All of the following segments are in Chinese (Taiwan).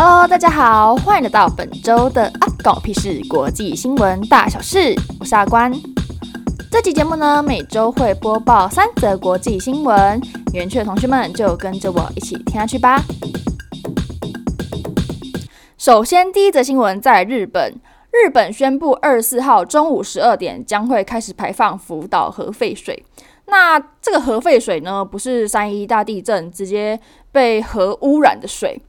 Hello，大家好，歡迎來到本周的阿關屁事國際新聞大小事，我是阿關。這期節目呢，每周會播報三則國際新聞，園區的同學們就跟着我一起聽下去吧。首先，第一則新聞在日本，日本宣布二十四號中午十二點將會開始排放福島核廢水。那這個核廢水呢，不是三一大地震直接被核污染的水。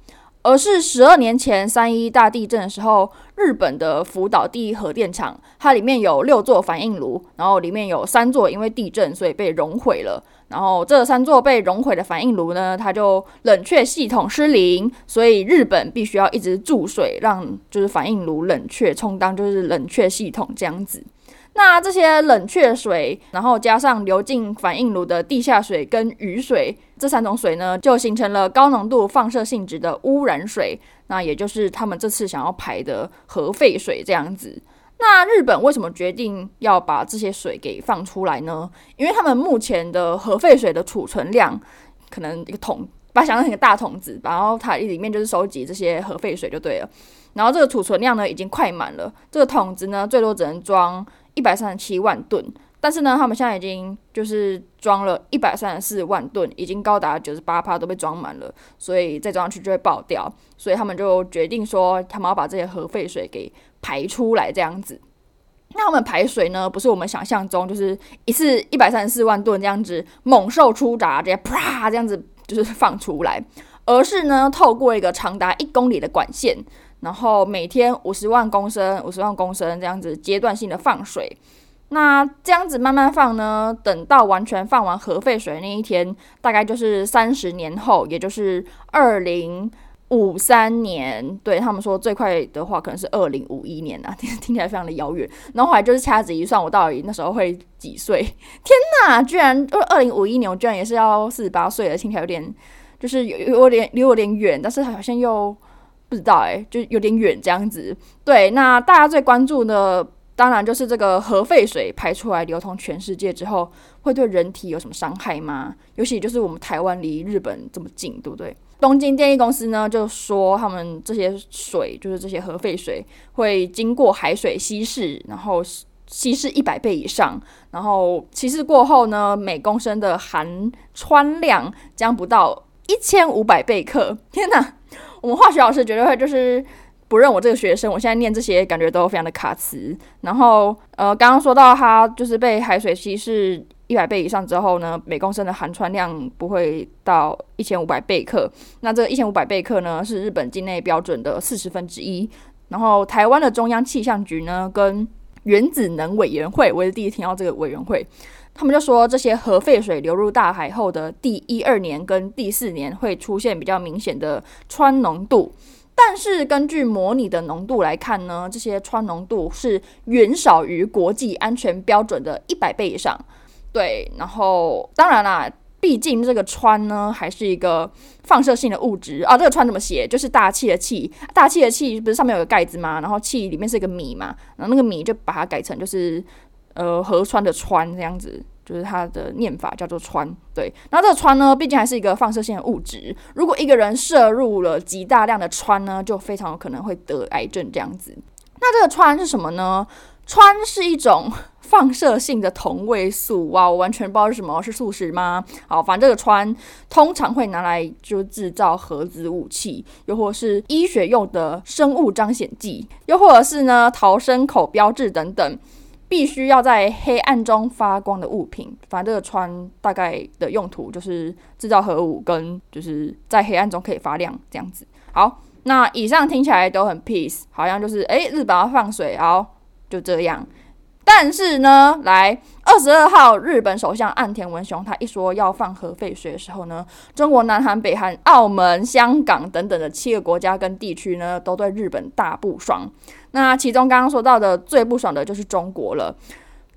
而是十二年前三一大地震的時候，日本的福島第一核電廠，它裡面有六座反應爐，然後裡面有三座因為地震所以被熔毀了，然後這三座被熔毀的反應爐呢，它就冷卻系統失靈，所以日本必須要一直注水，讓就是反應爐冷卻，充當就是冷卻系統這樣子。那這些冷卻水，然後加上流進反應爐的地下水跟雨水，這三種水呢，就形成了高濃度放射性質的污染水。那也就是他們這次想要排的核廢水這樣子。那日本為什麼決定要把這些水給放出來呢？因為他們目前的核廢水的儲存量，可能一個桶，把它想象成一個大桶子，然後它裡面就是收集這些核廢水就對了。然後這個儲存量呢，已經快滿了。這個桶子呢，最多只能裝，一百三十七萬噸，但是呢，他們現在已經就是裝了一百三十四萬噸，已經高達九十八趴都被裝滿了，所以再裝上去就會爆掉，所以他們就決定說，他們要把這些核廢水給排出來這樣子。那他們排水呢，不是我們想象中就是一次一百三十四萬噸這樣子猛獸出閘直接啪這樣子就是放出來，而是呢，透過一個長達一公里的管線。然後每天五十萬公升，五十萬公升這樣子階段性的放水，那這樣子慢慢放呢，等到完全放完核廢水那一天，大概就是三十年後，也就是二零五三年。對，他們說最快的話，可能是二零五一年啊，聽聽起來非常的遙遠。然後後來就是掐指一算，我到底那時候會幾歲？天哪，居然二零五一年，我居然也是要四十八歲了，聽起來有點就是有有點離我有點遠，但是好像又。不知道哎、欸，就有點遠這樣子。對，那大家最關注的，當然就是這個核廢水排出來，流通全世界之後，會對人體有什麼傷害嗎？尤其就是我們台灣離日本這麼近，對不對？東京電力公司呢就說，他們這些水，就是這些核廢水，會經過海水稀釋，然後稀釋一百倍以上，然後稀釋過後呢，每公升的含氚量將不到一千五百貝克。天哪！我們化學老師絕對會就是不認我這個學生。我現在念這些感覺都非常的卡詞。然後，呃，剛剛說到他就是被海水稀釋一百倍以上之後呢，每公升的含氚量不會到一千五百貝克。那這一千五百貝克呢，是日本境內標準的四十分之一。然後，台灣的中央氣象局呢，跟原子能委員會，我是第一次聽到這個委員會。他們就說，這些核廢水流入大海後的第一二年跟第四年會出現比較明顯的氚濃度，但是根據模擬的濃度來看呢，這些氚濃度是遠少於國際安全標準的一百倍以上。對，然後當然啦，畢竟這個氚呢還是一個放射性的物質啊。這個氚怎麼寫？就是大氣的氣，大氣的氣不是上面有個蓋子嗎？然後氣裡面是一個米嘛，然後那個米就把它改成就是呃河川的川這樣子。就是它的念法叫做“穿”，對。然後這個“穿”呢，畢竟還是一個放射性的物質。如果一個人攝入了極大量的“穿”呢，就非常有可能會得癌症這樣子。那這個“穿”是什麼呢？“穿”是一種放射性的同位素啊，我完全不知道是什麼，是素食嗎？好，反正這個“穿”通常會拿來就製造核子武器，又或是醫學用的生物彰顯劑，又或者是呢逃生口標誌等等。必須要在黑暗中發光的物品，反正這個氚大概的用途就是制造核武，跟就是在黑暗中可以發亮這樣子。好，那以上聽起來都很 peace，好像就是誒、欸，日本要放水，哦，就這樣。但是呢，來二十二號，日本首相岸田文雄他一說要放核廢水的時候呢，中國、南韓、北韓、澳門、香港等等的七個國家跟地區呢，都對日本大不爽。那其中剛剛說到的最不爽的就是中國了。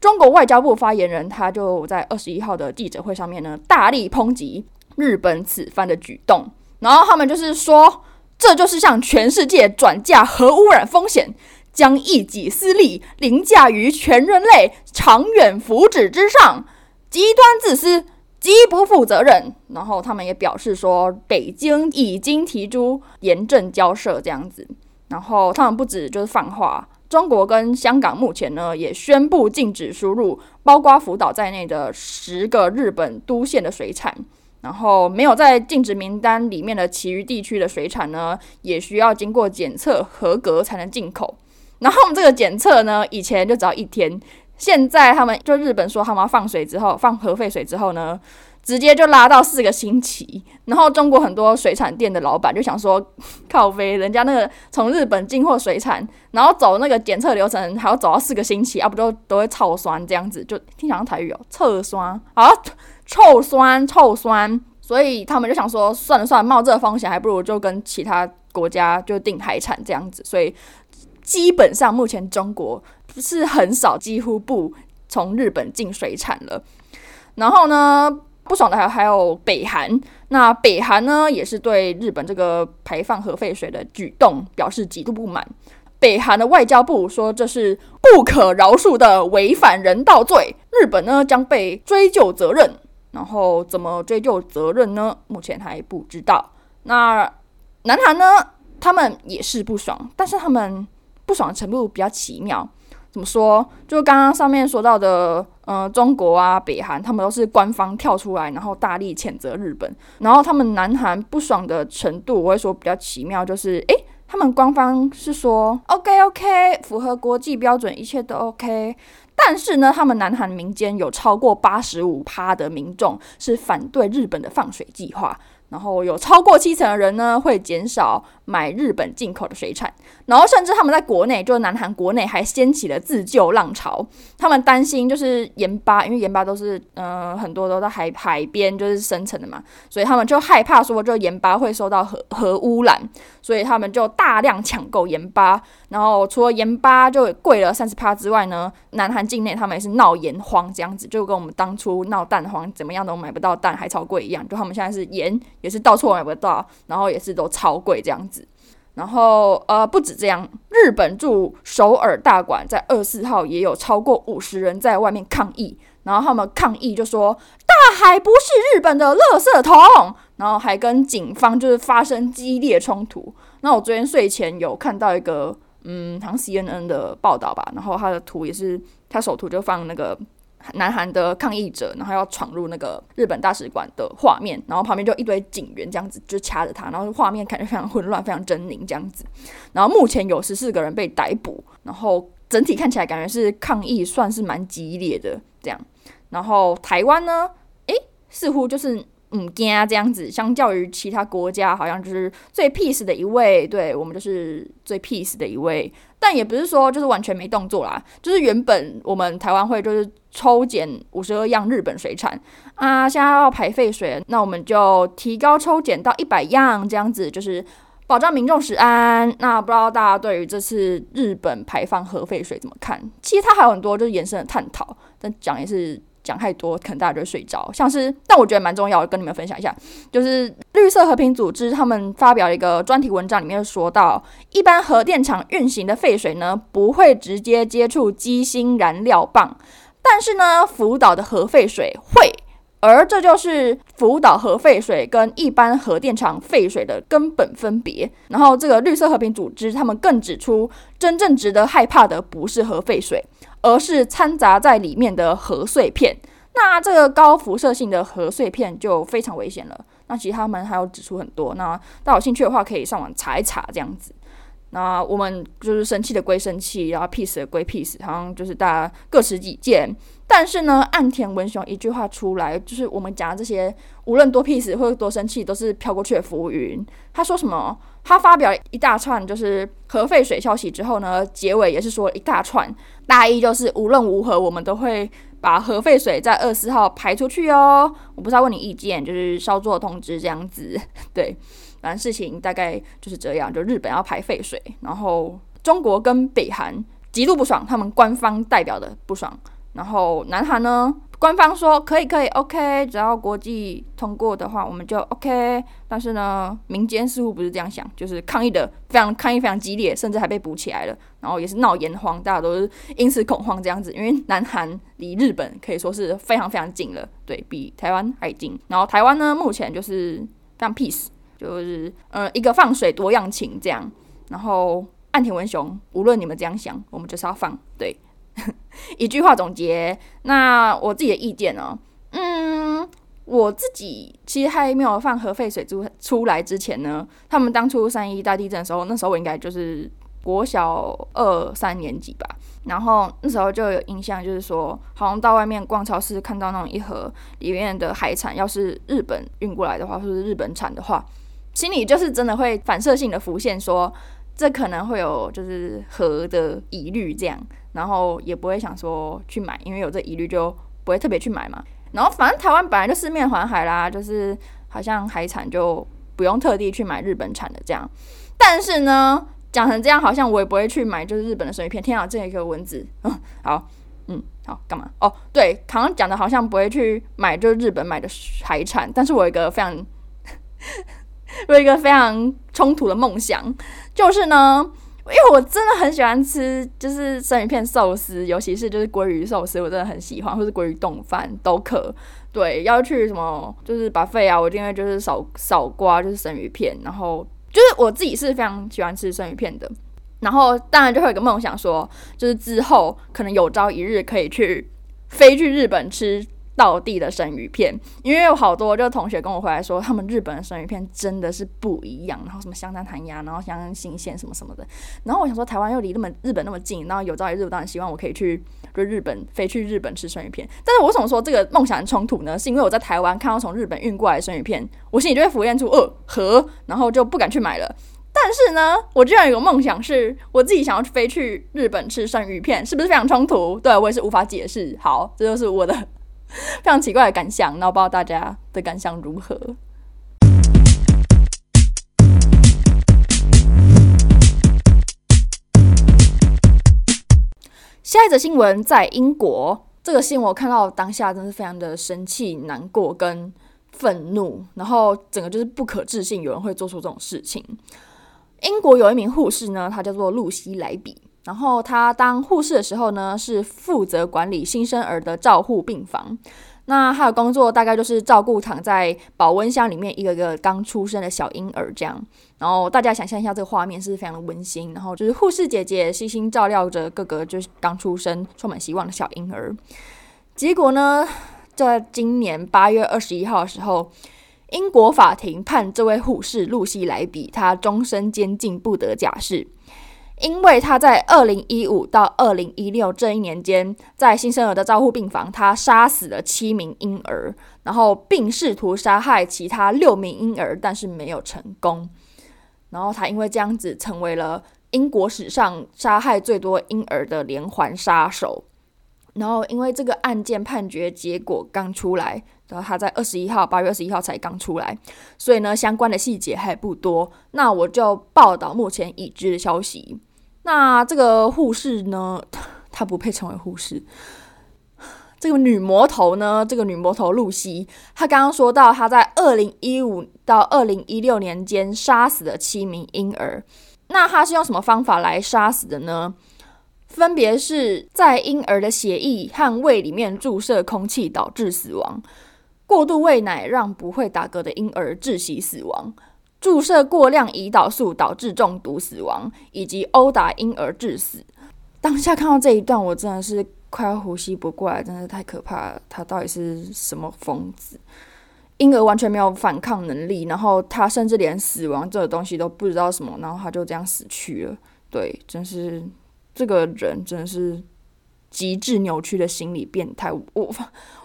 中國外交部發言人他就在二十一號的記者會上面呢，大力抨擊日本此番的舉動。然後他們就是說，這就是向全世界轉嫁核汙染風險，將一己私利凌駕於全人類長遠福祉之上，極端自私，極不負責任。然後他們也表示說，北京已經提出嚴正交涉，這樣子。然後他們不止就是放話，中國跟香港目前呢也宣布禁止輸入包括福島在內的十個日本都縣的水產，然後沒有在禁止名單裡面的其餘地區的水產呢，也需要經過檢測合格才能進口。然後這個檢測呢，以前就只要一天，現在他們就日本說他們要放水之後，放核廢水之後呢，直接就拉到四個星期，然後中國很多水產店的老板就想說，靠飛人家那個從日本進貨水產，然後走那個檢測流程，還要走到四個星期，啊不就都會臭酸這樣子，就聽講台語哦，臭酸啊臭酸臭酸，臭酸，所以他們就想說算了算了，冒這個風險，還不如就跟其他國家就定海產這樣子，所以基本上目前中國是很少幾乎不從日本進水產了，然後呢？不爽的還有還有北韓，那北韓呢，也是對日本這個排放核廢水的舉動表示極度不滿。北韓的外交部說，這是不可饒恕的違反人道罪，日本呢，將被追究責任。然後怎麼追究責任呢？目前還不知道。那南韓呢，他們也是不爽，但是他們不爽的程度比較奇妙。怎麼說？就剛剛上面說到的，嗯、呃，中國啊、北韓，他們都是官方跳出來，然後大力譴責日本。然後他們南韓不爽的程度，我會說比較奇妙，就是誒、欸，他們官方是說 OK OK，符合國際標準，一切都 OK。但是呢，他們南韓民間有超過八十五趴的民眾是反對日本的放水計劃。然後有超過七成的人呢，會減少買日本進口的水產，然後甚至他們在國內，就南韓國內還掀起了自救浪潮。他們擔心就是鹽巴，因為鹽巴都是嗯、呃、很多都在海海邊就是生成的嘛，所以他們就害怕說就鹽巴會受到核核污染，所以他們就大量搶購鹽巴。然後除了鹽巴就貴了三十趴之外呢，南韓境內他們也是鬧鹽荒這樣子，就跟我們當初鬧蛋荒怎麼樣都買不到蛋，還超貴一樣，就他們現在是鹽。也是到處買不到，然後也是都超貴這樣子。然後呃，不止這樣，日本駐首爾大使館在二十四號也有超過五十人在外面抗議，然後他們抗議就說，大海不是日本的垃圾桶，然後還跟警方就是發生激烈衝突。那我昨天睡前有看到一個嗯，好像 CNN 的報道吧，然後他的圖也是，他首圖就放那個。南韓的抗議者，然後要闖入那個日本大使館的畫面，然後旁邊就一堆警員這樣子就掐着他，然後畫面感覺非常混亂，非常猙獰這樣子。然後目前有十四個人被逮捕，然後整體看起來感覺是抗議算是蠻激烈的這樣。然後台灣呢？誒、欸，似乎就是。嗯，驚啊，這樣子，相較於其他國家，好像就是最 peace 的一位，對，我們就是最 peace 的一位。但也不是說就是完全沒動作啦，就是原本我們台灣會就是抽檢五十二樣日本水產啊，現在要排廢水，那我們就提高抽檢到一百樣，這樣子就是保障民眾食安。那不知道大家對於這次日本排放核廢水怎麼看？其實它還有很多就是延伸的探討，但講也是。講太多，可能大家就會睡着。像是，但我覺得蠻重要的，跟你們分享一下，就是綠色和平組織他們發表一個專題文章，裡面說到，一般核電廠運行的廢水呢，不會直接接觸機芯燃料棒，但是呢，福島的核廢水會，而這就是福島核廢水跟一般核電廠廢水的根本分別。然後，這個綠色和平組織他們更指出，真正值得害怕的不是核廢水。而是摻雜在裡面的核碎片，那這個高輻射性的核碎片就非常危險了。那其實他們還有指出很多，那大家有興趣的話，可以上網查一查，這樣子。那我們就是生氣的歸生氣，然後 peace 的歸 peace，好像就是大家各持己見。但是呢，岸田文雄一句話出來，就是我們講的這些，無論多屁事或是多生氣，都是飄過去的浮雲。他說什麼？他發表一大串就是核廢水消息之後呢，結尾也是說一大串，大意就是無論如何，我們都會把核廢水在二十四號排出去哦。我不是要問你意見，就是稍作通知這樣子。對，反正事情大概就是這樣。就日本要排廢水，然後中國跟北韓極度不爽，他們官方代表的不爽。然後南韓呢，官方說可以可以，OK，只要國際通過的話，我們就 OK。但是呢，民間似乎不是這樣想，就是抗議的非常抗議非常激烈，甚至還被捕起來了。然後也是鬧鹽荒，大家都是因此恐慌這樣子。因為南韓離日本可以說是非常非常近了，對比台灣還近。然後台灣呢，目前就是非常 peace，就是呃一個放水多樣情這樣。然後岸田文雄，無論你們怎樣想，我們就是要放對。 一句話總結，那我自己的意見哦，嗯，我自己其實還沒有放核廢水出出來之前呢，他們當初三一大地震的時候，那時候我應該就是國小二三年級吧，然後那時候就有印象，就是說好像到外面逛超市，看到那種一盒裡面的海產，要是日本運過來的話，或是日本產的話，心裡就是真的會反射性的浮現說這可能會有就是核的疑慮這樣，然後也不會想說去買，因為有這疑慮就不會特別去買嘛。然後反正台灣本來就四面環海啦，就是好像海產就不用特地去買日本產的這樣。但是呢，講成這樣好像我也不會去買，就是日本的生魚片。天啊，這一個蚊子，嗯，好，嗯，好，幹嘛？哦，對，好像講的好像不會去買，就是日本買的海產。但是我有一個非常。 有一個非常衝突的夢想，就是呢，因為我真的很喜歡吃，就是生魚片壽司，尤其是就是鮭魚壽司，我真的很喜歡，或是鮭魚丼飯都可。對，要去什麼，就是 buffet 啊，我一定會就是少少刮，就是生魚片，然後就是我自己是非常喜歡吃生魚片的。然後當然就會有一個夢想說，說就是之後可能有朝一日可以去飛去日本吃，道地的生魚片，因為有好多就同學跟我回來說，他們日本的生魚片真的是不一樣，然後什麼香嫩彈牙，然後相當新鮮什麼什麼的。然後我想說，台灣又離那麼日本那麼近，然後有朝一日我當然希望我可以去就日本飛去日本吃生魚片。但是我想說這個夢想衝突呢，是因為我在台灣看到從日本運過來的生魚片，我心裡就會浮現出哦核、呃，然後就不敢去買了。但是呢，我居然有一個夢想是我自己想要飛去日本吃生魚片，是不是非常衝突？對，我也是無法解釋。好，這就是我的。 非常奇怪的感想，那我不知道大家的感想如何。下一則新聞在英國，這個新聞我看到當下真是非常的生氣、難過跟憤怒，然後整個就是不可置信，有人會做出這種事情。英國有一名護士呢，他叫做露西萊比。然後她當護士的時候呢，是負責管理新生兒的照護病房。那她的工作大概就是照顧躺在保溫箱裡面一個個剛出生的小嬰兒這樣。然後大家想象一下這個畫面是，是非常的溫馨。然後就是護士姐姐悉心照料着各個，個就是剛出生充滿希望的小嬰兒。結果呢，在今年八月二十一號的時候，英國法庭判這位護士露西萊比她終身監禁，不得假釋。因為他在二零一五到二零一六這一年間，在新生兒的照護病房，他殺死了七名嬰兒，然後並試圖殺害其他六名嬰兒，但是沒有成功。然後他因為這樣子成為了英國史上殺害最多嬰兒的連環殺手。然後因為這個案件判決結果剛出來，然後他在二十一號，八月二十一號才剛出來，所以呢，相關的細節還不多。那我就報道目前已知的消息。那這個護士呢，她不配成為護士。這個女魔頭呢，這個女魔頭露西，她剛剛說到她在二零一五到二零一六年間殺死了七名嬰兒。那她是用什麼方法來殺死的呢？分別是在嬰兒的血液和胃裡面注射空氣導致死亡，過度餵奶讓不會打嗝的嬰兒窒息死亡。注射過量胰島素導致中毒死亡，以及毆打嬰兒致死。當下看到這一段，我真的是快要呼吸不過來，真的太可怕了。他到底是什麼瘋子？嬰兒完全沒有反抗能力，然後他甚至連死亡這個東西都不知道什麼，然後他就這樣死去了。對，真是這個人，真是。極致扭曲的心理變態，我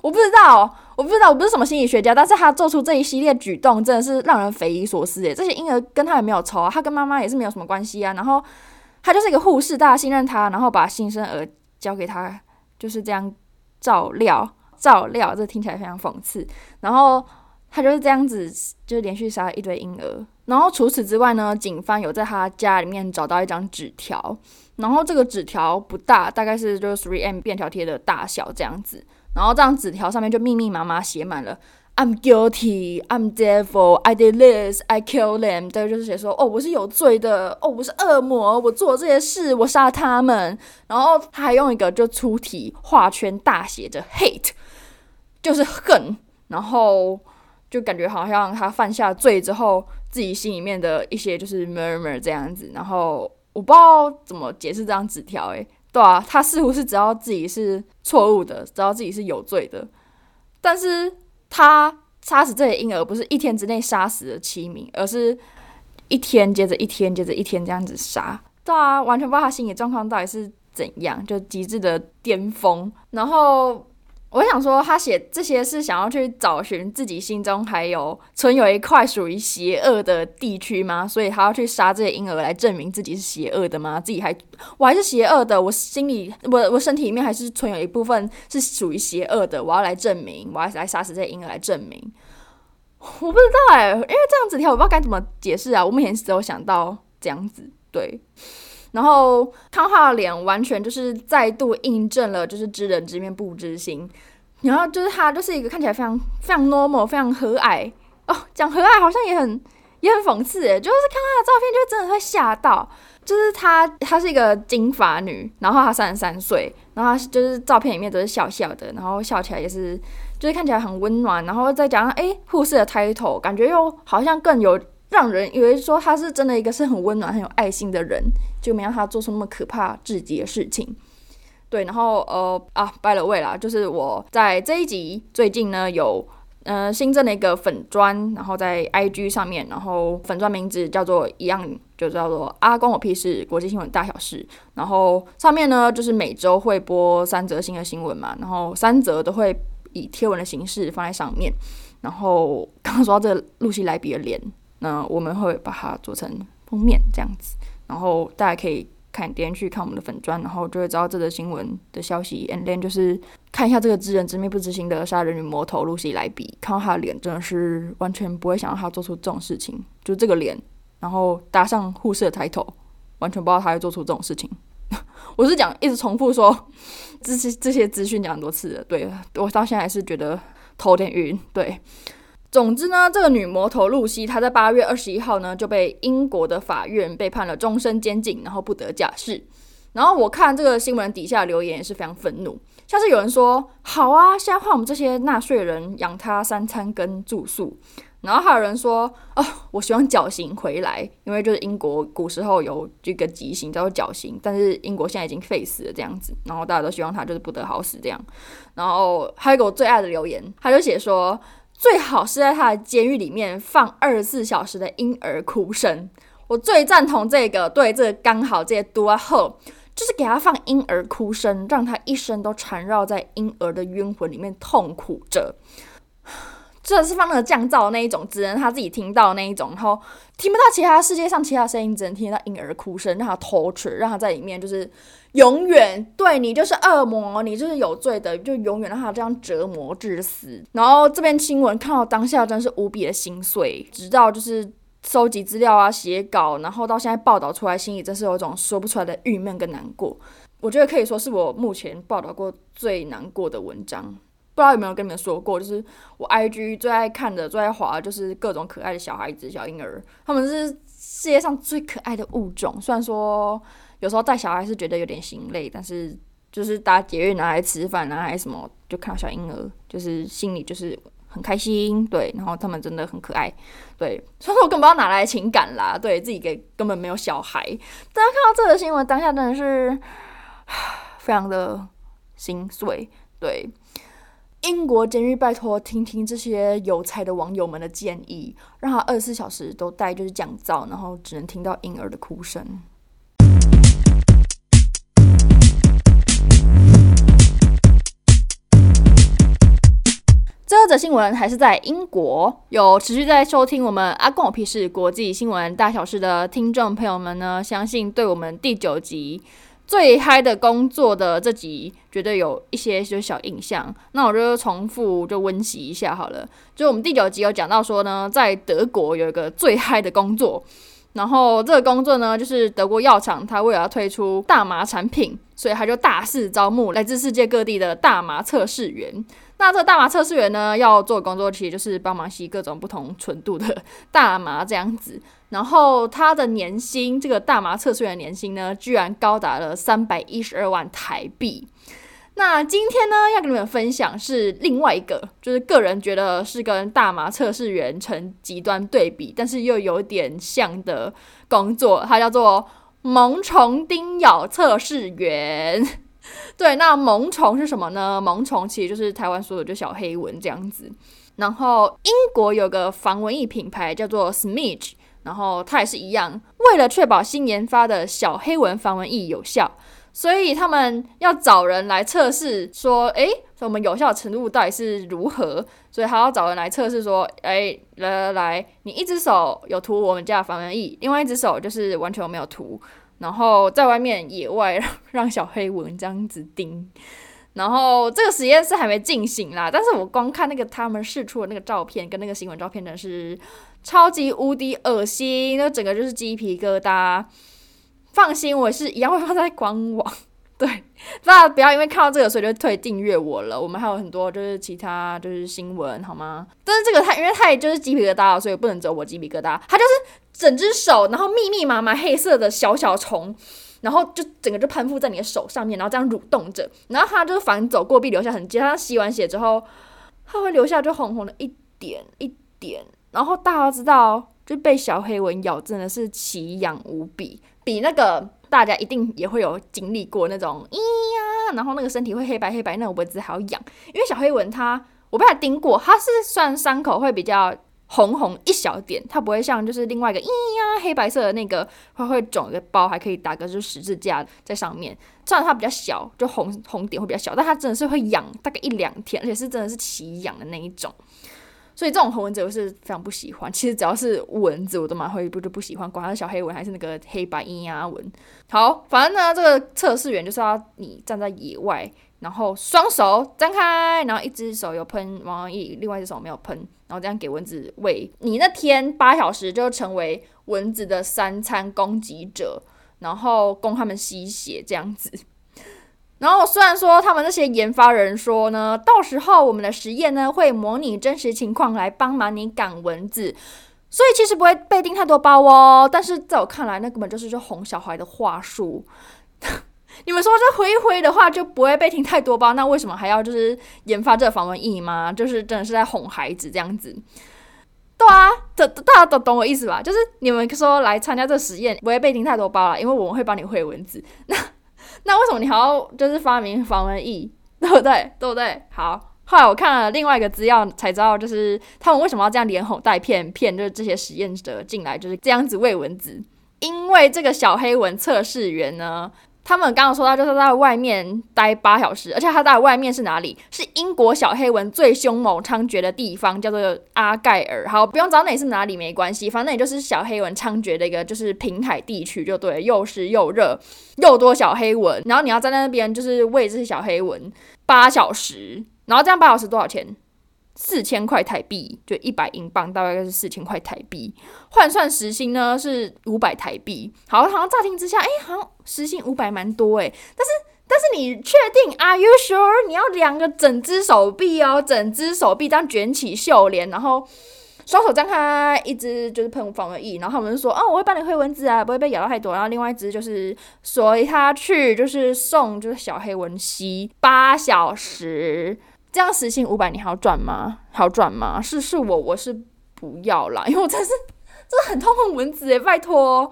我不知道，我不知道我不是什麼心理學家，但是他做出這一系列舉動真的是讓人匪夷所思誒，這些嬰兒跟他也沒有仇啊，他跟媽媽也是沒有什麼關係啊。然後他就是一個護士大，大家信任他，然後把新生兒交給他，就是這樣照料照料。這聽起來非常諷刺。然後他就是這樣子，就連續殺一堆嬰兒。然後除此之外呢，警方有在他家裡面找到一張紙條。然後這個紙條不大，大概是就是 three M 便條貼的大小這樣子。然後這張紙條上面就密密麻麻寫滿了 "I'm guilty, I'm devil, I did this, I killed them"，這個就是寫說，哦，我是有罪的，哦，我是惡魔，我做了這些事，我殺他們。然後他還用一個就粗體畫圈大寫着 "hate"，就是恨。然後就感覺好像他犯下罪之後，自己心裡面的一些就是 murmur 這樣子，然後。我不知道怎麼解釋這張紙條，誒，對啊，他似乎是知道自己是錯誤的，知道自己是有罪的，但是他殺死這些嬰兒不是一天之內殺死了七名，而是一天接着一天接着一天這樣子殺，對啊，完全不知道他心理狀況到底是怎樣，就極致的巔峰，然後。我想說他，他寫這些是想要去找尋自己心中還有存有一塊屬於邪惡的地區嗎？所以他要去殺這些嬰兒來證明自己是邪惡的嗎？自己還我還是邪惡的，我心裡我我身體裡面還是存有一部分是屬於邪惡的，我要來證明，我要來殺死這些嬰兒來證明。我不知道哎、欸，因為這樣子的話我不知道該怎麼解釋啊。我目前只有想到這樣子，對。然後看她的臉完全就是再度印證了，就是知人知面不知心。然後就是她就是一個看起來非常非常 normal、非常和藹哦，講和藹好像也很也很諷刺誒，就是看她的照片就真的會嚇到。就是她她是一個金髮女，然後她三十三歲，然後就是照片裡面都是笑笑的，然後笑起來也是就是看起來很溫暖，然後再加上哎護士的 title，感覺又好像更有。讓人以為說他是真的一個是很溫暖、很有愛心的人，就沒讓他做出那麼可怕至極的事情。對，然後呃啊，by the way 啦，就是我在這一集最近呢有嗯、呃、新增了一個粉專，然後在 IG 上面，然後粉專名字叫做一樣，就叫做啊關我屁事國際新聞大小事。然後上面呢就是每周會播三則新的新聞嘛，然後三則都會以貼文的形式放在上面。然後剛剛說到這個露西萊比的臉。那我們會把它做成封面這樣子，然後大家可以看點去看我們的粉專，然後就會知道這個新聞的消息。And then 就是看一下這個知人知面不知心的殺人女魔頭露西萊比，看到他的臉真的是完全不會想想他做出這種事情，就這個臉，然後搭上護士的抬頭，完全不知道他會做出這種事情。 我是講一直重複說這些這些資訊講很多次了，對，我到現在還是覺得頭有點暈。對。總之呢，這個女魔頭露西，她在八月二十一號呢就被英國的法院被判了終身監禁，然後不得假釋。然後我看這個新聞底下留言也是非常憤怒，像是有人說：“好啊，現在換我們這些納稅人養她三餐跟住宿。”然後還有人說：“哦，我希望絞刑回來，因為就是英國古時候有這個極刑叫做絞刑，但是英國現在已經廢死了這樣子。然後大家都希望他就是不得好死這樣。然後還有一個我最愛的留言，他就寫說。”最好是在他的監獄裡面放二十四小時的嬰兒哭聲。我最贊同這個，對，這個剛好，這些多啊後，就是給他放嬰兒哭聲，讓他一生都纏繞在嬰兒的冤魂裡面痛苦着。這是放那個降噪那一種，只能他自己聽到那一種，然後聽不到其他世界上其他的聲音，只能聽到嬰兒哭聲，讓他偷吃，讓他在裡面就是。永遠對你就是惡魔，你就是有罪的，就永遠讓他這樣折磨致死。然後這篇新聞看到當下，真是無比的心碎。直到就是收集資料啊、寫稿，然後到現在報道出來，心裡真是有一種說不出來的鬱悶跟難過。我覺得可以說是我目前報道過最難過的文章。不知道有沒有跟你們說過，就是我 IG 最愛看的、最愛滑的，就是各種可愛的小孩子、小嬰兒，他們是世界上最可愛的物種。雖然說。有時候帶小孩是覺得有點心累，但是就是搭捷運啊，吃飯啊，還是什麼，就看到小嬰兒，就是心裡就是很開心，對。然後他們真的很可愛，對。所以我根本不知道哪來的情感啦，對自己給根本沒有小孩，大家看到這個新聞當下真的是非常的心碎，對。英國監獄拜托聽聽這些有才的網友們的建議，讓他二十四小時都戴就是降噪，然後只能聽到嬰兒的哭聲。這則新聞還是在英國，有持續在收聽我們阿關我屁事國際新聞大小事的聽眾朋友們呢，相信對我們第九集最嗨的工作的這集，絕對有一些小印象。那我就重複就溫習一下好了。就我們第九集有講到說呢，在德國有一個最嗨的工作。然後這個工作呢，就是德國藥廠，它為了要推出大麻產品，所以他就大肆招募來自世界各地的大麻測試員。那這個大麻測試員呢，要做工作其實就是幫忙吸各種不同純度的大麻這樣子。然後他的年薪，這個大麻測試員的年薪呢，居然高達了三百一十二萬台幣。那今天呢，要跟你們分享是另外一個，就是個人覺得是跟大麻測試員呈極端對比，但是又有點像的工作，它叫做蠓蟲叮咬測試員。 對，那蠓蟲是什麼呢？蠓蟲其實就是台灣說的就小黑蚊這樣子。然後英國有個防蚊液品牌叫做 Smidge，然後它也是一樣，為了確保新研發的小黑蚊防蚊液有效。所以他們要找人來測試，說，哎、欸，我們有效程度到底是如何？所以還要找人來測試，說，哎、欸，來來來，你一隻手有塗我們家的防蚊液，另外一隻手就是完全沒有塗，然後在外面野外讓小黑蚊這樣子叮，然後這個實驗是還沒進行啦，但是我光看那個他們釋出的那個照片跟那個新聞照片呢，是超級無敵噁心，那整個就是雞皮疙瘩。放心，我是一樣會放在官網。對，大家不要因為看到這個所以就退訂閱我了。我們還有很多就是其他就是新聞，好嗎？但是這個它因為它也就是雞皮疙瘩，所以不能只有我雞皮疙瘩。它就是整隻手，然後密密麻麻黑色的小小蟲，然後就整個就攀附在你的手上面，然後這樣蠕動着。然後它就是凡走過必留下痕迹。它吸完血之後，它會留下就紅紅的一點一點。然後大家都知道，就被小黑蚊咬真的是奇癢無比。比那個大家一定也會有經歷過那種，咿呀，然後那個身體會黑白黑白，那種、個、蚊子還要癢，因為小黑蚊它，我被它叮過，它是算傷口會比較紅紅一小點，它不會像就是另外一個咿呀黑白色的那個，它會腫一個包，還可以打個就十字架在上面。雖然它比較小，就紅紅點會比較小，但它真的是會癢大概一兩天，而且是真的是奇癢的那一種。所以這種紅蚊子我是非常不喜歡。其實只要是蚊子，我都蠻會不就不喜歡，管它是小黑蚊還是那個黑白伊啊蚊、蚊。好，反正呢，這個測試員就是要你站在野外，然後雙手張開，然後一只手有噴，然後一另外一只手沒有噴，然後這樣給蚊子餵。你那天八小時就成為蚊子的三餐攻擊者，然後供他們吸血這樣子。然後雖然說他們那些研發人說呢，到時候我們的實驗呢會模擬真實情況來幫忙你趕蚊子，所以其實不會被叮太多包哦。但是在我看來，那根本就是就哄小孩的話術。 你們說這揮一揮的話就不會被叮太多包，那為什麼還要就是研發這個防蚊液嗎？就是真的是在哄孩子這樣子。對啊，這大家都懂我意思吧？就是你們說來參加這實驗不會被叮太多包了，因為我們會幫你揮蚊子。那。那為什麼你還要就是發明防蚊液，對不對？對不對？好，後來我看了另外一個資料才知道，就是他們為什麼要這樣連哄帶騙，騙就是這些實驗者進來就是這樣子餵蚊子，因為這個小黑蚊測試員呢。他們剛剛說到，就是在外面待八小時，而且他在外面是哪裡？是英國小黑蚊最凶猛猖獗的地方，叫做阿蓋爾。好，不用找哪是哪裡沒關係，反正那也就是小黑蚊猖獗的一個，就是平海地區就對，又濕又熱又多小黑蚊。然後你要站在那邊，就是餵這些小黑蚊八小時，然後這樣八小時多少錢？四千塊台幣，就一百英鎊，大概就是四千塊台幣，換算時薪呢是五百台幣。好，好像乍聽之下，哎、欸，好像時薪五百蠻多哎。但是，但是你確定？Are you sure？你要兩個整隻手臂哦，整隻手臂這樣起秀，然後卷起袖連，然後雙手張開，一隻就是噴防蚊液，然後他們就說，哦，我會幫你揮蚊子啊，不會被咬到太多。然後另外一隻就是，所以他去就是送就是小黑蚊吸八小時。這樣實行五百，你好賺嗎？好賺嗎？是是我，我是不要啦，因為我真是真的很痛恨蚊子誒，拜托，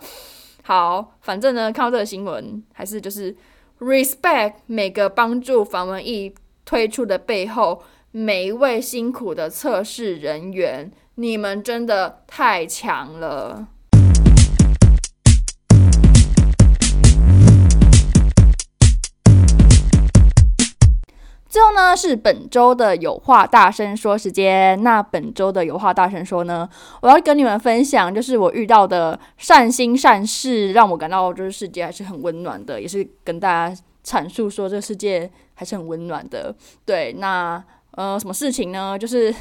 好，反正呢，看到這個新聞，還是就是 respect 每個幫助防蚊液推出的背後每一位辛苦的測試人員，你們真的太強了。最後呢，是本周的有話大聲說時間。那本周的有話大聲說呢，我要跟你們分享，就是我遇到的善心善事，讓我感到就是世界還是很溫暖的，也是跟大家闡述說這個世界還是很溫暖的。對，那呃，什麼事情呢？就是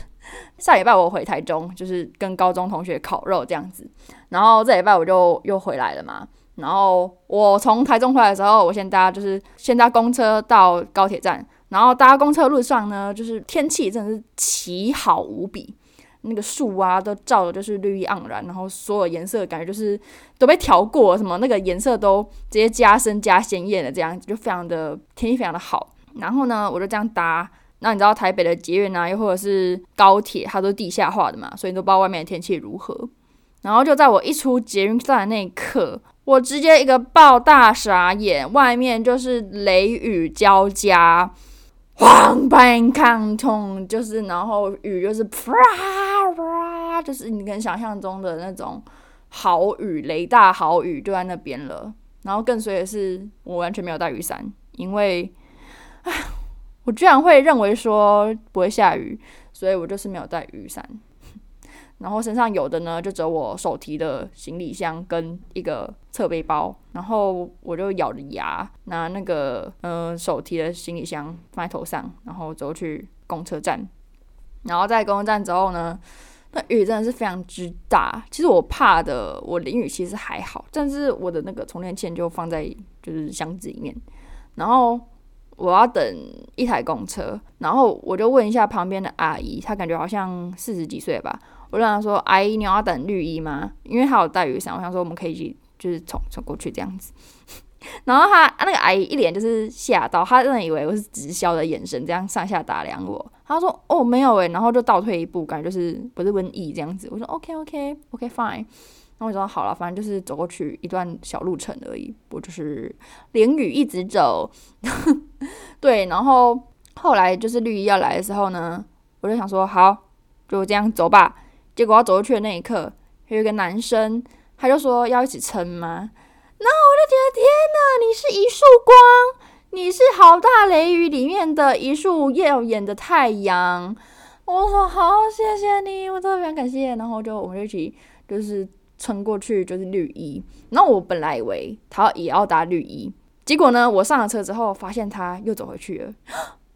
下禮拜我回台中，就是跟高中同學烤肉這樣子。然後這禮拜我就又回來了嘛。然後我從台中回來的時候，我先搭就是先搭公車到高鐵站。然後搭公車路上呢，就是天氣真的是奇好無比，那個樹啊都照的就是綠意盎然，然後所有顏色感覺就是都被調過，什麼那個顏色都直接加深加鮮豔的這樣子，就非常的天氣非常的好。然後呢，我就這樣搭。那你知道台北的捷運啊，又或者是高鐵，它都是地下化的嘛，所以都不知道外面的天氣如何。然後就在我一出捷運站的那一刻，我直接一個爆大傻眼，外面就是雷雨交加。黃奔，抗痛就是，然後雨就是啪啪，就是你能想象中的那種豪雨，雷大豪雨就在那邊了。然後更衰的是，我完全沒有帶雨傘，因為，我居然會認為說不會下雨，所以我就是沒有帶雨傘。然後身上有的呢，就只有我手提的行李箱跟一個側背包，然後我就咬着牙拿那個嗯、呃、手提的行李箱放在頭上，然後走去公車站。然後在公車站之後呢，那雨真的是非常之大。其實我怕的，我淋雨其實還好，但是我的那個充電器就放在就是箱子裡面，然後我要等一台公車，然後我就問一下旁邊的阿姨，她感覺好像四十幾歲了吧。我問他說：“阿姨，你要等綠衣嗎？因為她有帶雨傘。”我想說我們可以一起，就是衝衝過去這樣子。然後他、啊、那個阿姨一臉就是嚇到，他真的以為我是直銷的眼神，這樣上下打量我。他說：“哦、oh，沒有誒。”然後就倒退一步，感覺就是不是瘟疫這樣子。我說：“OK，OK，OK，Fine。Okay, ” okay, okay, 然後我就說：“好了，反正就是走過去一段小路程而已。”我就是淋雨一直走。 對，然後後來就是綠衣要來的時候呢，我就想說：“好，就這樣走吧。”結果他走過去的那一刻，有一個男生，他就說要一起撐嗎？然後我就覺得天哪，你是一束光，你是好大雷雨裡面的一束耀眼的太陽。我說好，謝謝你，我特別感謝。然後就我們就一起就是撐過去，就是綠衣。然後我本來以為他也要搭綠衣，結果呢，我上了車之後，發現他又走回去了。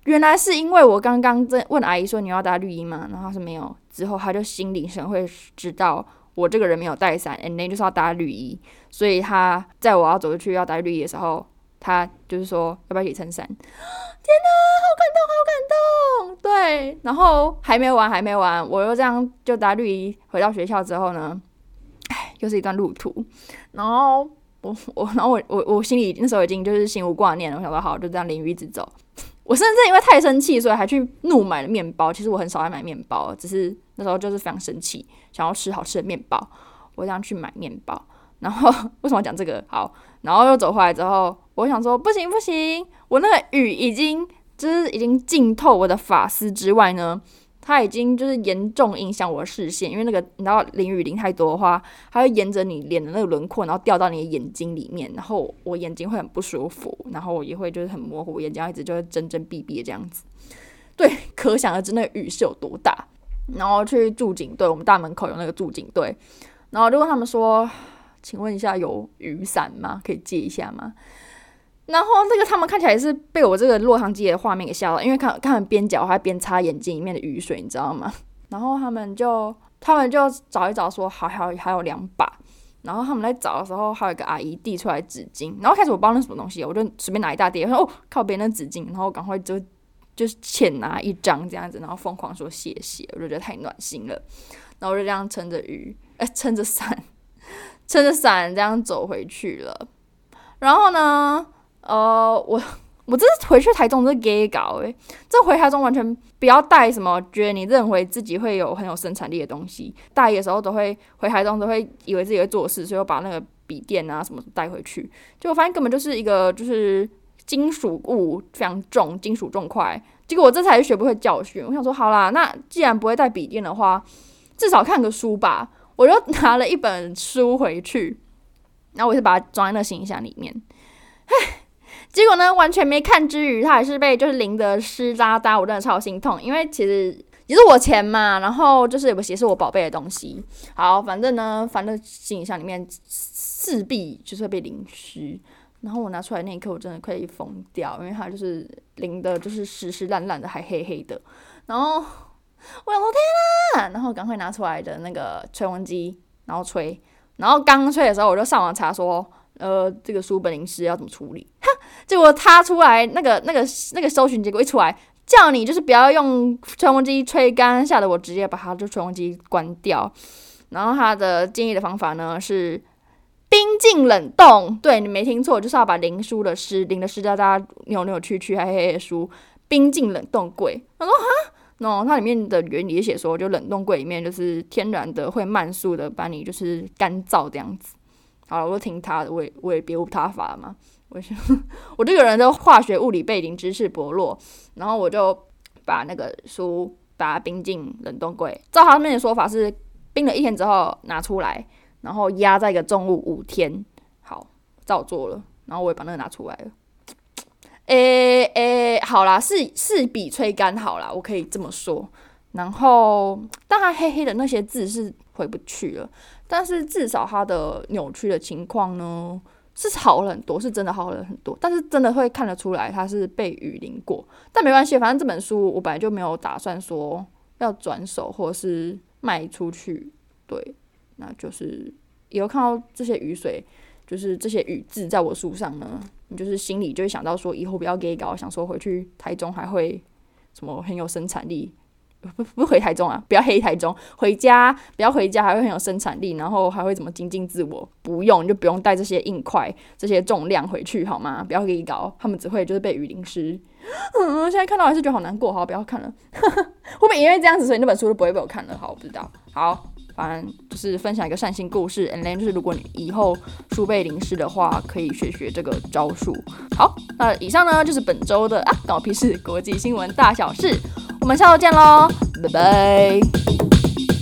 原來是因為我剛剛在問阿姨說你要搭綠衣嗎？然後他說沒有。之後他就心領神會，知道我這個人沒有帶傘，and then 就是要搭雨衣，所以他在我要走出去要搭雨衣的時候，他就是說要不要一起撐傘？天哪，好感動，好感動！對，然後還沒完，還沒完，我又這樣就搭雨衣回到學校之後呢，唉，又是一段路途。然後我我然後我我我心裡那時候已經就是心無掛念了，我想說好，就這樣淋雨一直走。我甚至因為太生氣，所以還去怒買了麵包。其實我很少愛買麵包，只是那時候就是非常生氣，想要吃好吃的麵包，我想去買麵包。然後為什麼講這個？好，然後又走回來之後，我想說不行不行，我那個雨已經就是已經浸透我的髮絲之外呢。它已經就是嚴重影響我的視線，因為那個你知道，淋雨淋太多的話，它會沿着你臉的那個輪廓，然後掉到你的眼睛裡面，然後我眼睛會很不舒服，然後我也會就是很模糊，眼睛一直就是睜睜閉閉這樣子。對，可想而知那個雨是有多大。然後去駐警隊，我們大門口有那個駐警隊，然後就問他們說：“請問一下，有雨傘嗎？可以借一下嗎？”然後那個他們看起來也是被我這個落湯雞的畫面給嚇到，因為看看邊角還邊擦眼睛裡面的雨水，你知道嗎？然後他們就他們就找一找說，說還有還有兩把。然後他們在找的時候，還有一個阿姨遞出來紙巾。然後開始我不知道那什麼東西，我就隨便拿一大疊，然後說哦，靠別人的紙巾，然後我趕快就就淺拿一張這樣子，然後瘋狂說謝謝，我就覺得太暖心了。然後我就這樣撐着雨，誒，撐着傘，撐着傘這樣走回去了。然後呢？呃，我我這次回去台中是給搞誒、欸。這回台中完全不要帶什麼，覺得你認為自己會有很有生產力的東西。大一的時候都會回台中，都會以為自己會做事，所以又把那個筆電啊什麼帶回去，就我發現根本就是一個就是金屬物非常重，金屬重塊。結果我這次還是學不會教訓。我想說好啦，那既然不會帶筆電的話，至少看個書吧。我就拿了一本書回去，然後我就把它裝在那行李箱裡面。唉結果呢，完全沒看之餘，他還是被就是淋得濕噠噠，我真的超心痛。因為其實也是我錢嘛，然後就是也不行，是我寶貝的東西。好，反正呢，反正行李箱裡面勢必就是會被淋濕。然後我拿出來那一刻，我真的快瘋掉，因為它就是淋的就是濕濕爛爛的，還黑黑的。然後，我的天哪！然後趕快拿出來的那個吹風機，然後吹。然後剛吹的時候，我就上網查說，呃，這個書本淋濕要怎麼處理？結果他出來，那個、那個、那個搜尋結果一出來，叫你就是不要用吹風機吹乾，嚇得我直接把他就吹風機關掉。然後他的建議的方法呢是冰進冷凍，對，你沒聽錯，就是要把淋書的濕淋的濕答答、扭扭曲曲、還黑黑書冰進冷凍櫃。他說：“哈，喏，它裡面的原理也寫說，就冷凍櫃裡面就是天然的會慢速的把你就是乾燥這樣子。”好了，我就聽他的，我也我也別無他法了嘛。我， 我這個人就化學、物理背景知識薄弱，然後我就把那個書把它冰進冷凍櫃。照他們那邊的說法是，冰了一天之後拿出來，然後壓在一個重物五天。好，照做了，然後我也把那個拿出來了。誒、欸、誒、欸，好啦，是是比吹乾好啦，我可以這麼說。然後，但它黑黑的那些字是回不去了，但是至少它的扭曲的情況呢，是好了很多，是真的好了很多，但是真的會看得出來，它是被雨淋過。但沒關係，反正這本書我本來就沒有打算說要轉手或者是賣出去，對，那就是以後看到這些雨水，就是這些雨漬在我書上呢，你就是心裡就會想到說，以後不要給稿，想說回去台中還會什麼很有生產力。不不回台中啊！不要黑台中，回家不要回家，還會很有生產力，然後還會怎麼精進自我？不用你就不用帶這些硬塊、這些重量回去好嗎？不要給你搞，他們只會就是被雨淋濕。嗯，現在看到還是覺得好難過，好，不要看了。 會不會因為這樣子，所以那本書就不會被我看了？好，我不知道。好。反正就是分享一個善心故事，and then 就是如果你以後書被淋濕的話，可以學學這個招數。好，那以上呢就是本週的啊狗屁事國際新聞大小事，我們下週見嘍，拜拜。